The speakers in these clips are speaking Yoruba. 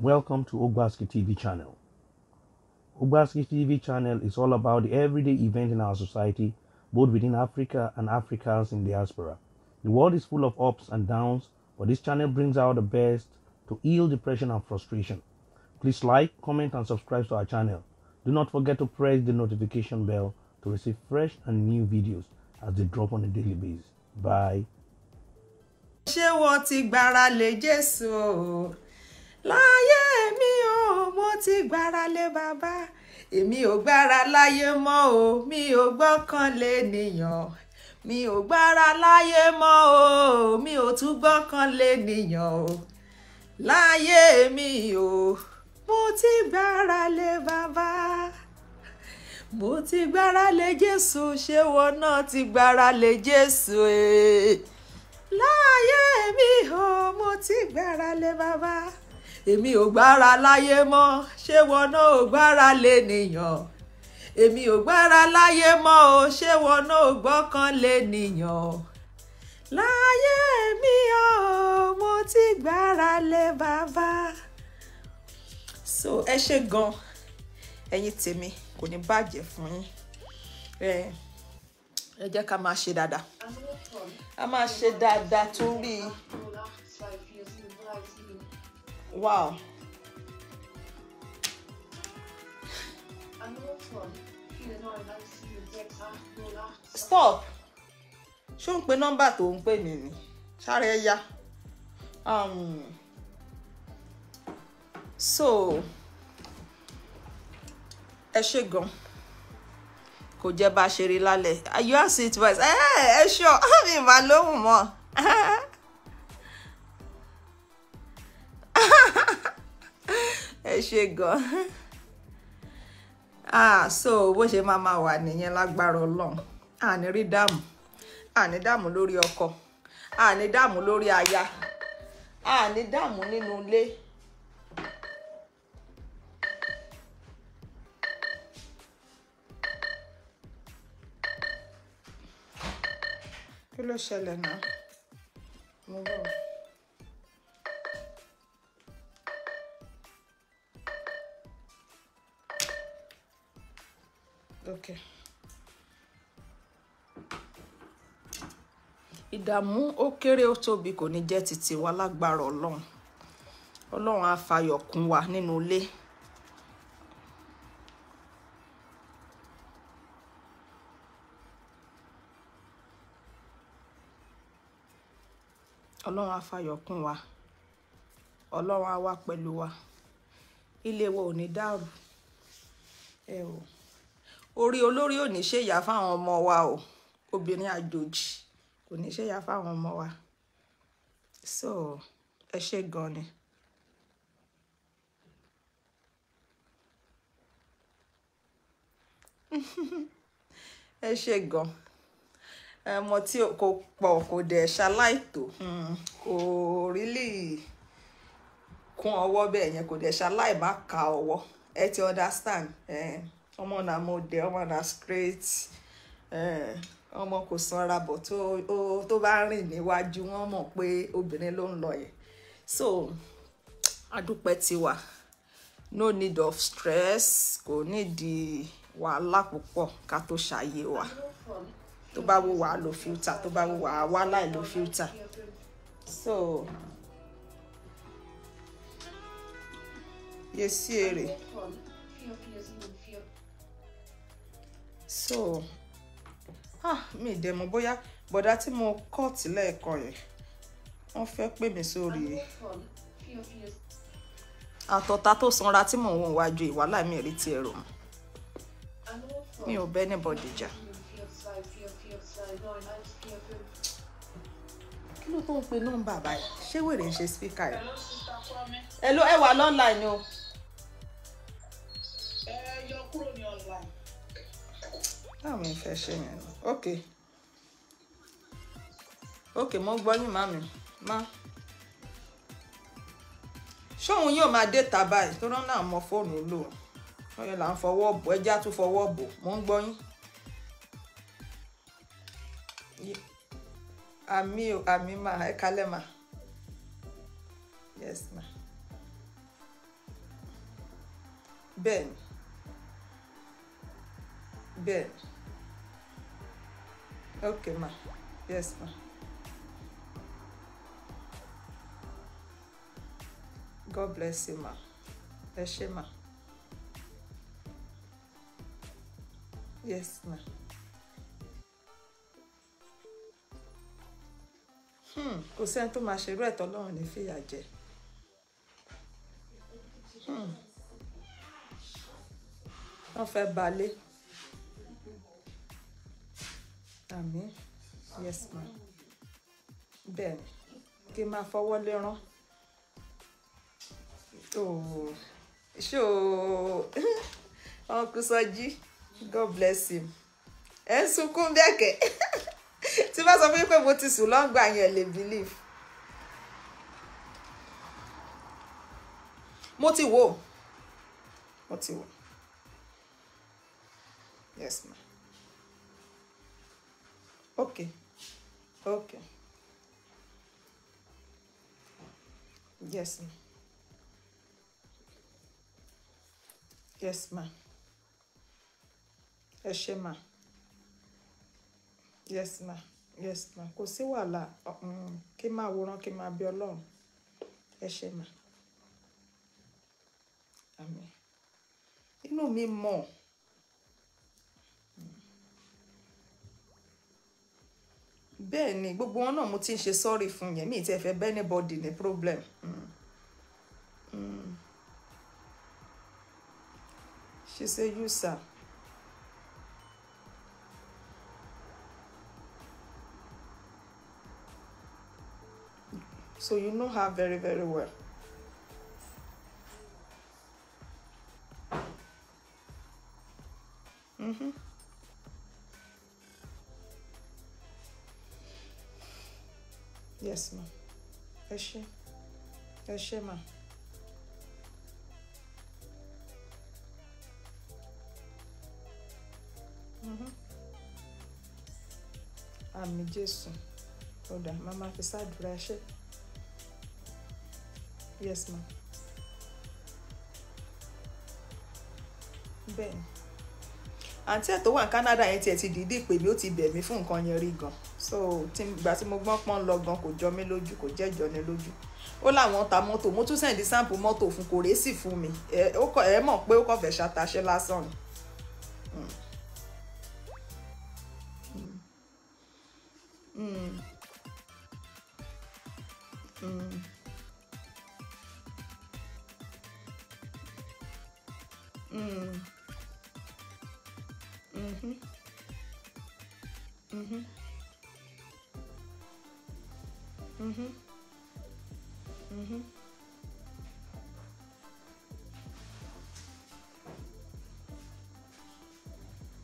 Welcome to Ogbaski TV channel. Ogbaski TV channel is all about the everyday event in our society, both within Africa and Africans in diaspora. The world is full of ups and downs, but this channel brings out the best to heal depression and frustration. Please like, comment, and subscribe to our channel. Do not forget to press the notification bell to receive fresh and new videos as they drop on a daily basis. Bye. láyé mi ò mo ti gbára lé bàbá èmi ò gbára láyé mọ́ o mi ò gbọ́kàn lé nìyàn mi ò gbára láyé mọ́ o mi ò tún gbọ́kàn lé nìyàn o láyé mi ò mo ti gbára lé bàbá mo ti gbára lé Jésù ṣé wọn náà ti gbára lé Jésù ee láyé mi ò mo ti gbára lé bàbá èmi ò gbára láyé mọ́ ṣé wọn náà ò gbára lé nìyàn èmi ò gbára láyé mọ́ o ṣé wọn náà ò gbọ́kàn lé nìyàn láyé mi ò mo ti gbára lé bàbá. so ẹ ṣe gan ẹ̀yin tèmi kò ní bàjẹ́ fún yín ẹ jẹ́ ká máa ṣe dáadáa a máa ṣe dáadáa torí. Wow. Stop. Ṣé ń pe nọ́mbà tó ń pè mí ni? Sáré ẹ Um, so ẹ ṣe gan kò jẹ́ bá a ṣeré lálẹ́ you are sweet voice eh, eh, ẹ ẹ ṣọ mi ìbá lóhùn mọ́. ṣe gan ah so bó ṣe máa máa wà nìyẹn lágbára Ọlọ́run àní rí dààmú àní dààmú lórí ọkọ àní dààmú lórí aya àní dààmú nínú ilé. kí ló ṣẹlẹ̀ náà mo bọ̀. okay. ìdààmú ó kéré ó tóbi kò ní jẹ́ títí wa lágbára ọlọ́run ọlọ́run á fayọ̀ kún wa nínú ilé. ọlọ́run á fayọ̀ kún wa ọlọ́run á wà pẹ̀lú wa ilé wa ò ní dàrú ẹ o. Eh, orí olórí ò ní ṣèyà fáwọn ọmọ wa o obìnrin àjòjì kò ní ṣèyà fáwọn ọmọ wa so ẹ ṣe gan ni. ẹ ṣe gan ẹmọ tí kò pọ̀ kò dẹ̀ ṣaláìtò hmm, kò rílì kún ọwọ́ bẹ́ẹ̀ yẹn kò dẹ̀ ṣaláìbá ka ọwọ́ ẹ ti understand. Eh ọmọ náà mo dẹ ọmọ náà straight eh, ọmọ kò sanra bọ̀ tó tó bá rìn níwájú wọ́n mọ̀ pé obìnrin ló ń lọ yẹn so adúpẹ́ ti wà no need of stress kò nídìí wàhálà púpọ̀ ká tó ṣàyè wa tó bá wù wá lo filter tó bá wù wá wá láì lo filter so yẹ sí èrè so ah mi ì mo mọ̀ bóyá bọ̀dá tí mo cut lẹ́ẹ̀kan yẹn wọ́n fẹ́ pè mí sórí e. àtọ̀tà tó sanra tí mò ń wọ̀n wájú ìwàhálà e, mi rí ti ẹ̀rọ mi ò bẹ́ ní bọ́dìjà. kí ló tó ń pe nọ́mbà báyìí ṣé wèrè ń ṣe spíkà yìí. ẹ ló ẹ wà o. táwọn mi fẹ́ ṣe yẹn nù ok ok mo gbọ́ yín màmí má ṣóun yóò máa dé ta báyìí tó rán náà mọ fóònù lò wọ́n yẹn là ń fọwọ́ bò ẹjẹ́ á tún fọwọ́ bò mo ń gbọ́ yín àmì ò àmì mà ẹ kalẹ̀ mà yes ma bẹ́ẹ̀ni bẹ́ẹ̀ni. Okay ma, yes ma. God bless you, ma. Ẹ you ma. Yes, ma. Hmm, kò sẹ́ni tó máa ṣerú ẹ̀ tọ́lọ́run ní fìyà jẹ. Hmm. Wọ́n fẹ́ balẹ̀. Àmín. Yes ma. Bẹ́ẹ̀ni, kí n máa fọwọ́ lérán. Oh, ṣé Uncle Soji? God bless him. Ẹ ń sunkún bẹ́ẹ̀kẹ́. Tí bá sọ fún yín pé mo ti sùn lọ́ngbà yẹn lè believe. Mo ti wò. Mo ti wò. Yes ma. Okay. Okay. Yes. Yes, ma. Ẹ ṣé ma. Yes, ma. Yes, ma. Kò sí wàhálà kí máa wòran kí máa bí Ọlọ́run. Ẹ ṣé ma. Àmín. Inú mi mọ̀. bẹ́ẹ̀ ni gbogbo wọn náà mo ti ń ṣe sọ́ọ̀rì fún yẹn mi ì tiẹ̀ fẹ́ bẹ́ẹ̀ bọ́dì ní problem. Mm. Mm. She say you sir. So you know her very very well. yes ma ẹ ṣé ẹ ṣé ma. Mhm. àmì jésù ọ̀dà màmá fi ṣàdúrà ẹ ṣé yes ma. bẹ́ẹ̀ ni àǹtí ẹ̀ tó wà ní Canada yẹn tiẹ̀ ti dìídì pè mí ó ti bẹ̀ mí fún nǹkan yẹn rí gan-an so ìgbà tí mo gbọ́n pọ́n lọ gan kò jọ mí lójú kò jẹ́ jọ ni lójú ó láwọn ta mọ́tò mo tún sẹ́ndí sáǹpù mọ́tò fún kò rèésì fún mi ẹ mọ̀ pé ó kàn fẹ́ ṣàtàṣe lásán ni. Mm. Mm. Mm. Mm-hmm. Mm-hmm. Mhm.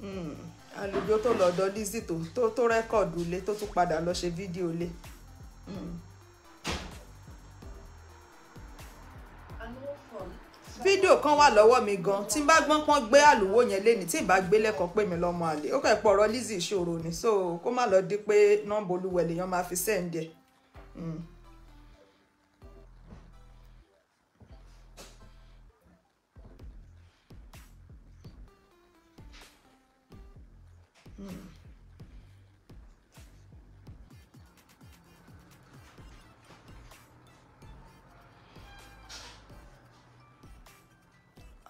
Mhm. àlùjọ tó lọ́dọ̀ Lizzy tó tó rẹ́kọ̀dù ilé tó tún padà lọ ṣe fídíò ilé. Mm. fídíò kan wà lọ́wọ́ mi gan tí n bá gbọ́n pọ́n gbé àlùwò yẹn léni tí n bá gbé lẹ́kọ̀ọ́ pè mí lọ́mọ àlè ó kẹ́ pọ̀ ọ̀rọ̀ Lizzy ìṣòro ni so kó má lọ di pé nọ́mbà olúwẹ̀lẹ̀ yẹn máa fi sẹ́ǹdì ẹ̀. Mm. Mm.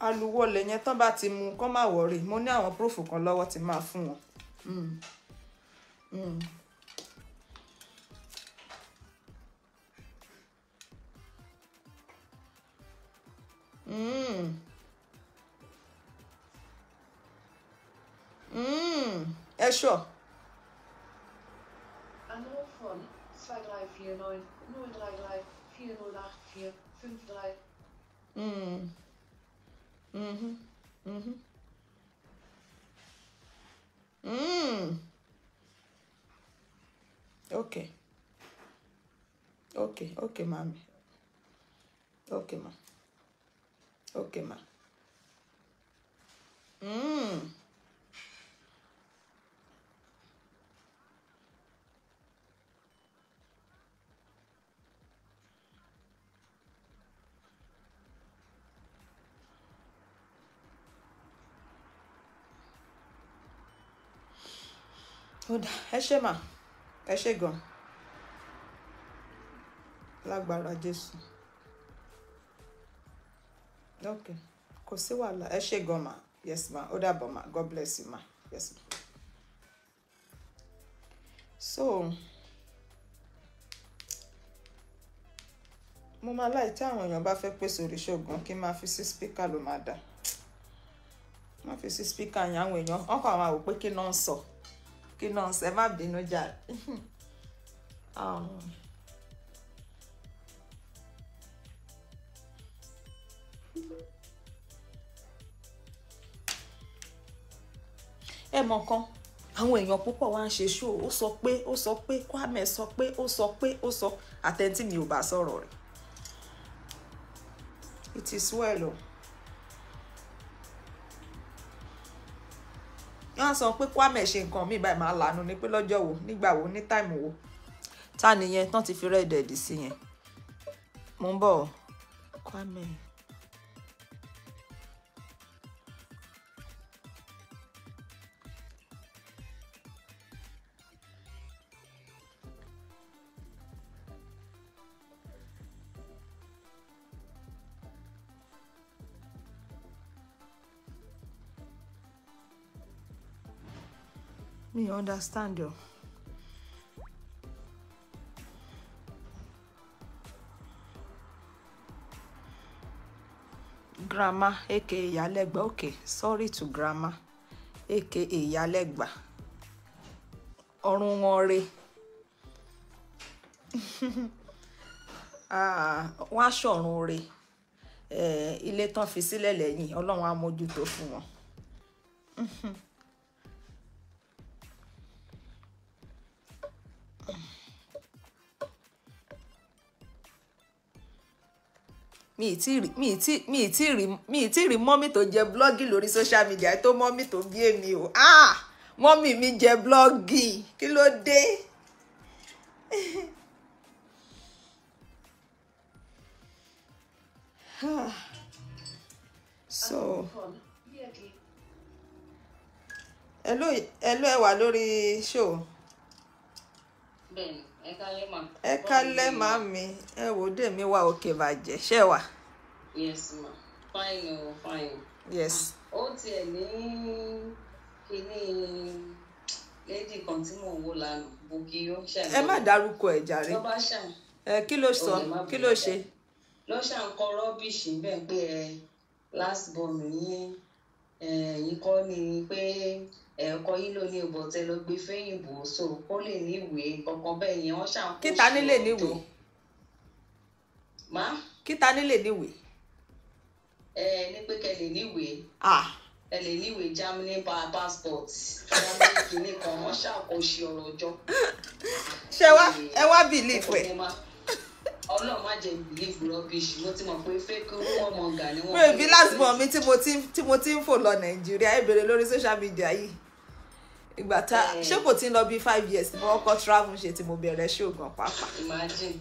aluwọlé yẹn tán bá ti mu kán má wọrí mo ní àwọn prófù kan lọ́wọ́ ti máa fún wọn. Mm. Mm. Mmm. Mmm. Yeah, sure. Anruf von 2349 033 4084 53. Mmm. Mhm. Mhm. Mmm. Okay. Okay, okay, mami. Okay, mom. Okay మా mm. ẹ ṣé mà ẹ ṣé gan lágbára Jésù. Okay, kò sí wàhálà ẹ ṣe gan ma yes ma ó dàbọ̀ ma god bless you ma yes ma so mo máa láì tí àwọn èèyàn bá fẹ́ pèsè oríṣògùn kí n máa fi sí spíkà ló máa dà máa fi sí spíkà yẹn àwọn èèyàn ọkọ àwọn àwò pé kí náà sọ kí náà sọ ẹ má bínú jà. um, mọ kan àwọn èèyàn púpọ̀ wá ń ṣe ṣó ó sọ pé ó sọ pé Kwame sọ pé ó sọ pé ó sọ àtẹ̀ntì mi ò bá sọ̀rọ̀ rẹ̀ it is well o. wọ́n sọ pé Kwame ṣe nǹkan mi báyìí máa lànà ni pé lọ́jọ́ wo nígbà wo ní táìmù wo ta nìyẹn tán ti fi rẹ́ẹ̀dẹ̀ẹ̀dì sí yẹn mo ń bọ̀ Kwame. me understand you grandma aka Iyalegba okay sorry to grammar aka Iyalegba ọrùn wọn ah wọn aṣọ ọrùn re eh, ilé tán fi mi ì tí mi ì tí mi ì tí rí mi ì tó jẹ blọ́gì lórí social media tó mọ́mì tó bí èmi o ah mọ́mì mi jẹ blọ́gì kí ló dé. Ah! so hello hello ẹ wà lórí show ẹ kálẹ́ màá mi ẹ wò dé mi wá òkè bàjẹ́ ṣé wà. yes ma fine o fine. yes. ó tiẹ̀ ní kíní lady kan tí mò ń wò lánàá bùkì ó ṣàlàyé. ẹ má dárúkọ ẹ jàre. lọ́ba ṣàn. ẹ kí ló sọ kí ló ṣe. lọ́ ṣàn kọ rọ́bìṣì bẹ́ẹ̀ pé ẹ last born yín ẹ̀yìn kọ́ ni pé ẹ̀kọ́ yìí ló ní ibò tẹ ló gbé fẹ́yìnbó so kó lè níwèé kankan bẹ́ẹ̀ yẹn wọ́n ṣàǹkóso kíta nílé níwèé má. kíta nílé níwèé. ẹ ní pé kẹ níwèé. ah ẹ níwèé Germany passport Germany kìíní kan wọ́n ṣàkóso ọjọ́. ṣé wá ẹ wá bìlífù ẹ ọlọ́run má jẹ́ believe rubbish mo ti mọ̀ pé fake wọ́n mọ̀ gà ni wọ́n. mi bí last mi tí mo ti ń fò lọ nàìjíríà ẹ bèrè lórí social media yìí ìgbà tá eh. ṣé kò ti ń lọ bí five years ni wọ́n kọ́ travel ṣe tí mo bẹ̀rẹ̀ ṣoògùn pàápàá. imagine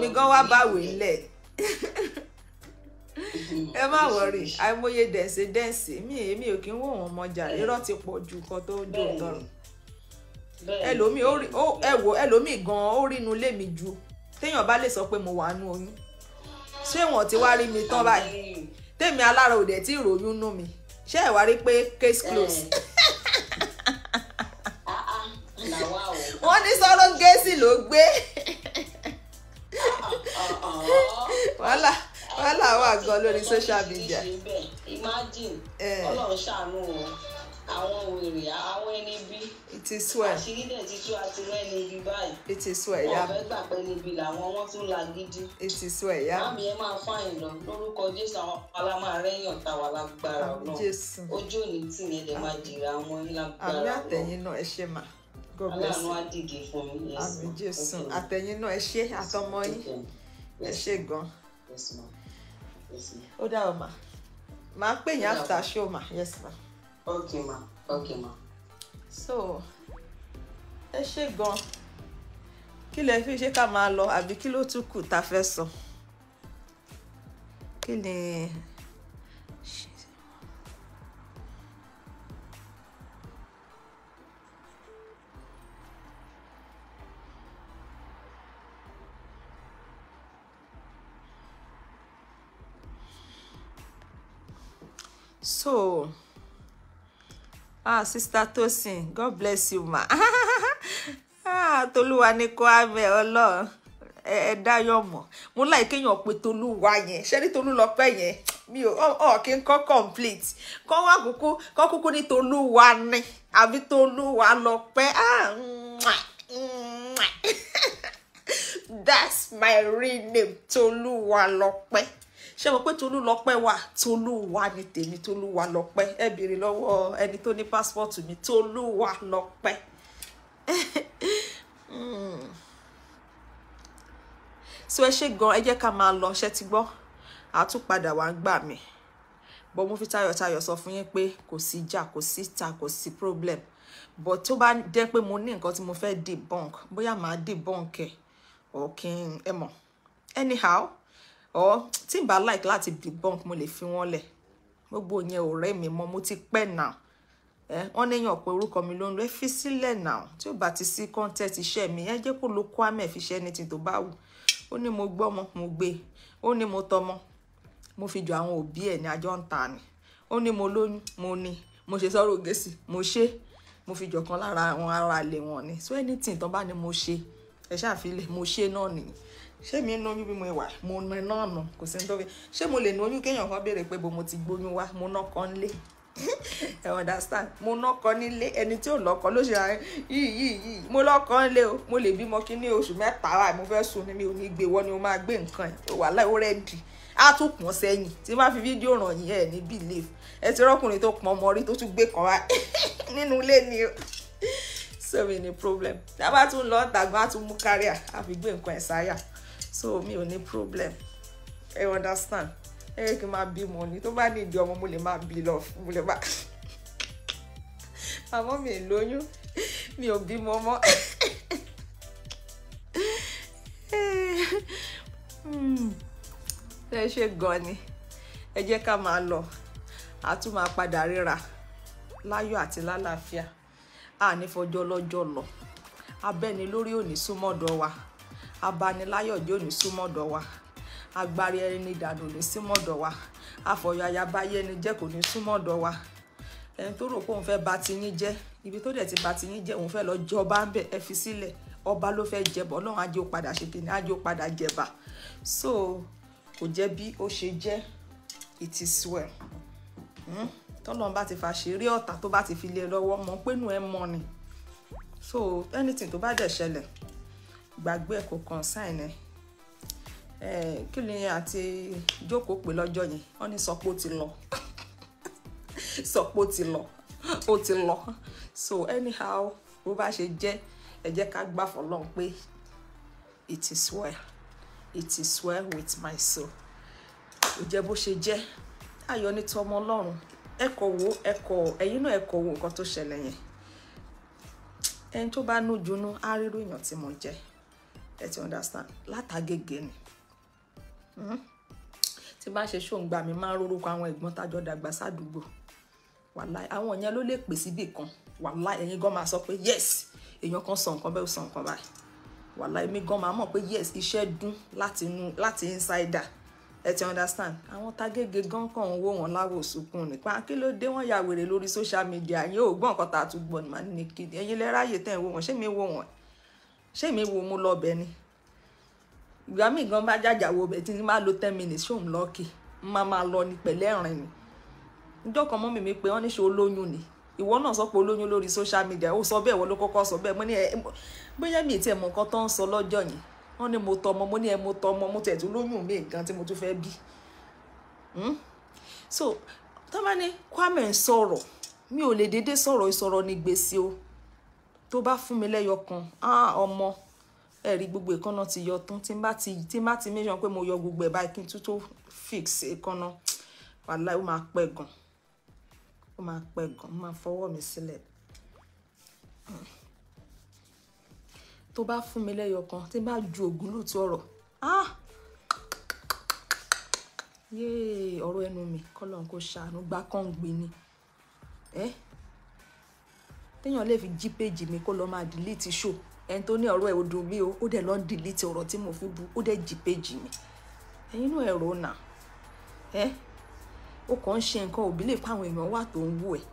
mi gan wá báwèé ńlẹ̀ mm-hmm. ẹ má wọrí àìmọye dẹ̀sẹ̀ dẹ̀sẹ̀ mi èmi ò kí ń wò wọ́n mọ́jà eh. irọ́ ti pọ̀ ju nǹkan tó ń dùn lọ́rùn ẹlòmíì ẹ wò ẹlòmíì gan ó rínú lé mi ju téèyàn bá lè sọ pé mo wà nú oyún ṣé wọn ti wá rí mi tán báyìí tèmi alára òde tí ìròyìn nú mi ṣé ẹ wá rí pé case close ah, ah, wọ́n ní sọ́rọ́ gẹ̀ẹ́sì ló gbé wàhálà wàhálà wà gan lórí social media. imagine eh. ọlọ́run ṣàánú àwọn wèrè àwọn ẹni bí it is well. àṣírí dẹ̀ ti tú àti rẹ́ni ibi báyìí. it is well ya. wọ́n fẹ́ gbà pé níbi làwọn wọ́n tún la gidi. it is well ya. mami ẹ máa fáyìn lọ lórúkọ jésù àwọn alámà rẹ́yìn ọ̀tá wa lágbára ọ̀nà ojú òní tì yẹn lè máa jìrà wọn lágbára ọ̀nà. àmì àtẹ̀yìn náà ẹ ṣe mà. aláàánú á dìde fún mi. àmì jésù àtẹ̀yìn náà ẹ ṣe àtọmọ yín ẹ ṣe gan. ó dá ọ mà máa pè yín after show mà yes ma. ok ma ok ma. so ẹ ṣe gan kí lẹ fi ṣe ká máa lọ àbí kí ló tún kù tá a fẹ́ kí ni so ah sister Tosin god bless you ma Ah, tolúwa ní kó àmì ọlọ́run ẹ dáyọ̀ mọ̀ mo láì kéèyàn pé tolúwa yẹn ṣẹ́rí tolú lọ yẹn mi ò ọ̀ kí n kọ́ complete kọ́ wá kúkú kọ́ kúkú ní tolúwa ni àbí tolúwa ah, lọ that's my real name tolúwa lọ pẹ́ ṣé mo pé tolúlọpẹ́ wà tolúwa ni tèmi tolúwa lọpẹ́ ẹ béèrè lọ́wọ́ ẹni tó ní pásítọ̀tù mi tolúwa lọpẹ́ Mm. so ẹ ṣe gan ẹ jẹ́ ká máa lọ ṣe ti gbọ́ àtúpadà wà ń gbà mí bọ́ mo fi tayọ̀tayọ̀ sọ fún yín pé kò sí ìjà kò sí ìta kò sí problem but tó bá jẹ́ pé mo ní nǹkan tí mo fẹ́ debunk bóyá màá debunk ẹ̀ ọ̀ kí ẹ mọ̀ anyhow ọ̀ tí n bá like láti debunk mo lè fi wọ́n lẹ̀ gbogbo yẹn ò rẹ́ mi mọ́ mo ti pẹ́ náà Eh, wọ́n léèyàn pé orúkọ mi ló ń lọ ẹ fi sílẹ̀ náà tí ó bá ti sí content iṣẹ́ mi ẹ jẹ́ kó lo kwame fi ṣe anything tó bá wù ó ní mo gbọ́mọ mo gbé ó ní mo tọmọ mo fi jọ àwọn òbí ẹ̀ ní àjọ ń ta ni ó ní mo lóyún mo ní mo ṣe sọ́rọ̀ gẹ̀ẹ́sì mo ṣe mo fi jọ̀kan lára àwọn ará ilé wọn ni so anything tó bá ní mo ṣe ẹ ṣàfilẹ̀ mo ṣe náà nìyí ṣé mi ń lóyún bí mo wà mo ná náà nù kò sí ní tó fi ṣé mo lè ní kéèyàn kan béèrè pé bo mo ti gbóyún wá mo ná kan lé ẹ understand mo lọ́kọ nílé ẹni tí ò lọ́kọ ló ṣe àárín yìí yìí yìí mo lọ́kọ nílé o mo lè bímọ kí ní oṣù mẹ́ta wa mo fẹ́ sùn ni mi ò ní gbé wọ́n ni mo máa gbé nǹkan ẹ̀ ó wà láì ó rẹ́ẹ̀dì á tún pọ̀n sẹ́yìn tí má fi fídíò ràn yín ẹ̀ ní believe ẹ ti rọ́kùnrin tó pọ̀n ọmọ rí tó tún gbé kan wá nínú ilé ni o so mi ni problem tá a bá tún lọ tàgbọ́n á tún mú kárí à á fi gbé nǹkan ẹ̀ sáyà so mi ò ní problem ẹ understand ẹ̀rọ kì í máa bímọ ni tó bá ní ìdí ọmọ mo lè máa bí lọ mo lè máa àmọ́ mi lóyún mi ò bímọ mọ́ ẹ ṣe gan ni ẹ jẹ́ ká máa lọ a tún máa padà ríra láyọ̀ àti lálàáfíà a ní fọjọ́ lọ́jọ́ lọ abẹ́ni lórí òní súnmọ́dọ̀ wa abániláyọ̀ jẹ́ òní súnmọ́dọ̀ wa agbárí ẹni dànù ní símọ̀dọ̀ wa àfọ̀yọ̀ àyàbáyé ẹni jẹ́ kò ní súnmọ̀dọ̀ wa ẹni tó rò pé òun fẹ́ ba tiyín jẹ́ ibi tó dẹ̀ ti ba tiyín jẹ́ òun fẹ́ lọ jọba ń bẹ̀ ẹ fi sílẹ̀ ọba ló fẹ́ jẹbọ náà ajé ó padà ṣe kìnìún ajé ó padà jẹba so kò jẹ́ bí ó ṣe jẹ́ it is well hmm? tọ́lọ́n bá ti fàṣírí ọ̀tá tó bá ti fi lé e lọ́wọ́ mọ̀ pé nù ẹ́ mọ́ ni so anything tó bá dẹ̀ ṣẹlẹ̀ gbàgbé ẹ̀ kò kàn ẹ̀ kí ni àti jókòó pé lọ́jọ́ yẹn wọ́n ní sọpó ti lọ sọpó ti lọ ó ti lọ so anyhow bó bá ṣe jẹ́ ẹ jẹ́ ká gbà fọlọ́n pé it is well it is well with my soul ó jẹ́ bó ṣe jẹ́ ayọ̀ ní tọmọ ọlọ́run ẹ wo ẹ kò ẹ̀yin náà ẹ wo nǹkan tó ṣẹlẹ̀ yẹn ẹni tó bá nújunú á rírú èèyàn tí mo jẹ́ ẹ ti understand látàgègè ni tí bá ṣe ṣóǹgbà mi máa ń rorúkọ àwọn ẹ̀gbọ́n tájọ dàgbà sádùúgbò wàláì àwọn yẹn ló lè pè síbì kan wàláì ẹ̀yin gan máa sọ pé yes èèyàn kan sọ nǹkan bẹ́ẹ̀ ó sọ nǹkan báyìí wàláì èmi gan máa mọ̀ pé yes iṣẹ́ dún láti inú láti insider ẹ ti understand àwọn tagége gan kàn ń wò wọn láwò sunkún nípa kí ló dé wọn ya wèrè lórí social media yín ò gbọ́ nǹkan tá a tún gbọ́ ní màá ní kí ẹ̀yin lẹ́ráyè tẹ̀ ń wò wọn ṣé mi wò wọn ṣé mi wò mo lọ ni ìgbà míì gan bá jàjà wo bẹ̀ tí n bá lo ten minutes ṣóun lọ́ọ̀kì n máa máa lọ ní pẹ̀lẹ́ ẹ̀rìn ni ìjọ kan mọ́ mi mi pé wọ́n ní ṣe olóyún ni ìwọ náà sọ pé olóyún lórí social media ó sọ bẹ́ẹ̀ wọ́n ló kọ́kọ́ sọ bẹ́ẹ̀ mo ní ẹ bóyá mi ì tiẹ̀ mọ̀ nǹkan tó ń sọ lọ́jọ́ yẹn wọ́n ní mo tọmọ mo ní ẹ mo tọmọ mo tẹ̀ tún lóyún mi nǹkan tí mo tún fẹ́ bí hmm? so tọ́ba ní Kwame ń sọ̀rọ̀ mi ò lè déédéé sọ̀rọ̀ ìsọ̀rọ̀ ní gbèsè o tó bá fún mi lẹ́yọ kan ah, ọmọ. Ah, ẹ rí gbogbo èékánná ti yọ tán tí n bá ti tí n bá ti mẹ́sàn pé mo yọ gbogbo ẹ̀ báyìí kí n tún tó fix èékánná wàhálà ó máa pẹ́ gan ó máa pẹ́ gan ó máa fọwọ́ mi sílẹ̀ hmm. tó bá fún mi lẹ́yọ kan tí n bá ju ògúnlù tí ọ̀rọ̀ ah yéè ọ̀rọ̀ ẹnu mi kọ́lọ́n kò ṣàánú gbá kàn gbé ni ẹ́ téèyàn lè fi jí péjì mi kó lọ́ọ́ máa dìlítì ṣòó ẹni tó ní ọ̀rọ̀ ẹ̀ ò dùn o ó dẹ̀ lọ ń delete ọ̀rọ̀ tí mo fi bu ó dẹ̀ jì péjì mi ẹ̀yin náà ẹ̀rọ nà ẹ́ ó kàn ń ṣe nǹkan òbí lè pa àwọn èèyàn wà tó ń wù ẹ̀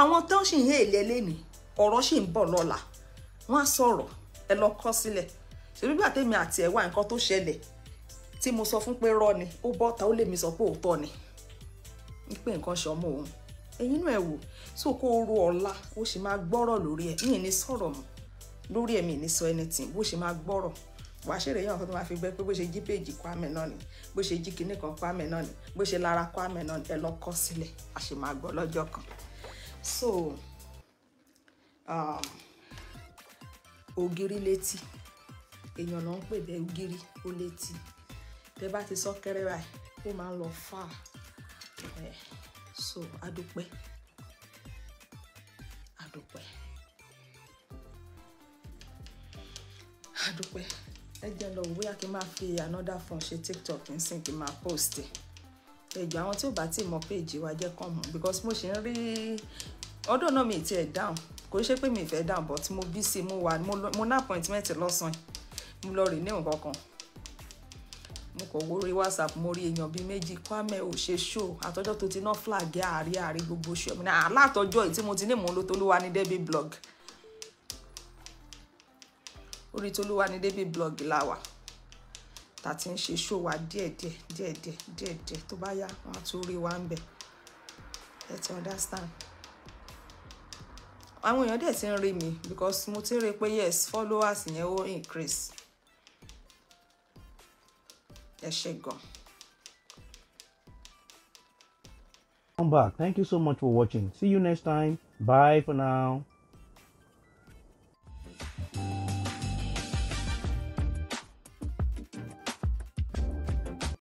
àwọn tó ń ṣì ń hé èlé lẹ́nìí ọ̀rọ̀ ṣì ń bọ̀ lọ́la wọ́n á sọ̀rọ̀ ẹ lọ kọ́ sílẹ̀ ṣèlú gbà tèmi àti ẹ̀ wá nǹkan tó ṣẹlẹ̀ tí mo sọ fún pé rọ́ ni ó bọ́ ta ó lè mi sọ pé òótọ́ ni pé nǹkan ṣe ọmọ òun ẹ̀yin náà ẹ̀ wò so kó ọ̀la ó sì máa gbọ́rọ̀ lórí ẹ̀ yìnyín ní sọ̀rọ̀ mọ́ lórí ẹ̀mí ní sọ anything bó ṣe máa gbọ́rọ̀ wàá ṣèrè yàn kan tó máa fi gbẹ pé bó ṣe jí péjì Kwame náà ni bó ṣe jí kinní kan Kwame náà ni bó ṣe lára Kwame náà ni ẹ lọ kọ sílẹ̀ a ṣe máa gbọ́ lọ́jọ́ kan so um, ògiri létí èèyàn náà ń pè bẹ ògiri ó létí tẹ bá ti sọ kẹrẹ báyìí ó máa ń lọ fà so adúpẹ́. àdúpẹ́ ẹ jẹ́ lọ wò bóyá kí n máa fi another phone ṣe tiktok nsìn kí n máa post e. ẹjọ àwọn tí ò bá tí ì mọ péèjì wa jẹ́ kàn because mo ṣe ń rí ọdún náà mi ti ẹ̀ dáhùn kò ṣe pé mi ì fẹ́ dáhùn but mo bí sí mo wà mo ná appointment lọ́sàn-án mo lọ rìn ní nǹkan kan mo kàn wo orí whatsapp mo rí èèyàn bíi méjì kwame ò ṣe ṣó àtọ́jọ́ tó ti ná flag àárí àárí gbogbo ṣù ẹ̀ mo ní àlá ah, àtọ́jọ́ yìí tí mo ti ní mò ń lo tolúwa ní debbie blog orí Tolúwanidébí blog la wà tá a ti ń ṣe ṣó wa díẹ̀díẹ̀ díẹ̀díẹ̀ díẹ̀díẹ̀ tó bá yá wọn á tún rí wa ń bẹ̀ ẹ ti understand àwọn èèyàn dẹ̀ ti ń rí mi because mo ti ń rí pé yes followers yẹn ó increase ẹ ṣe gan. Come back. Thank you so much for watching. See you next time. Bye for now.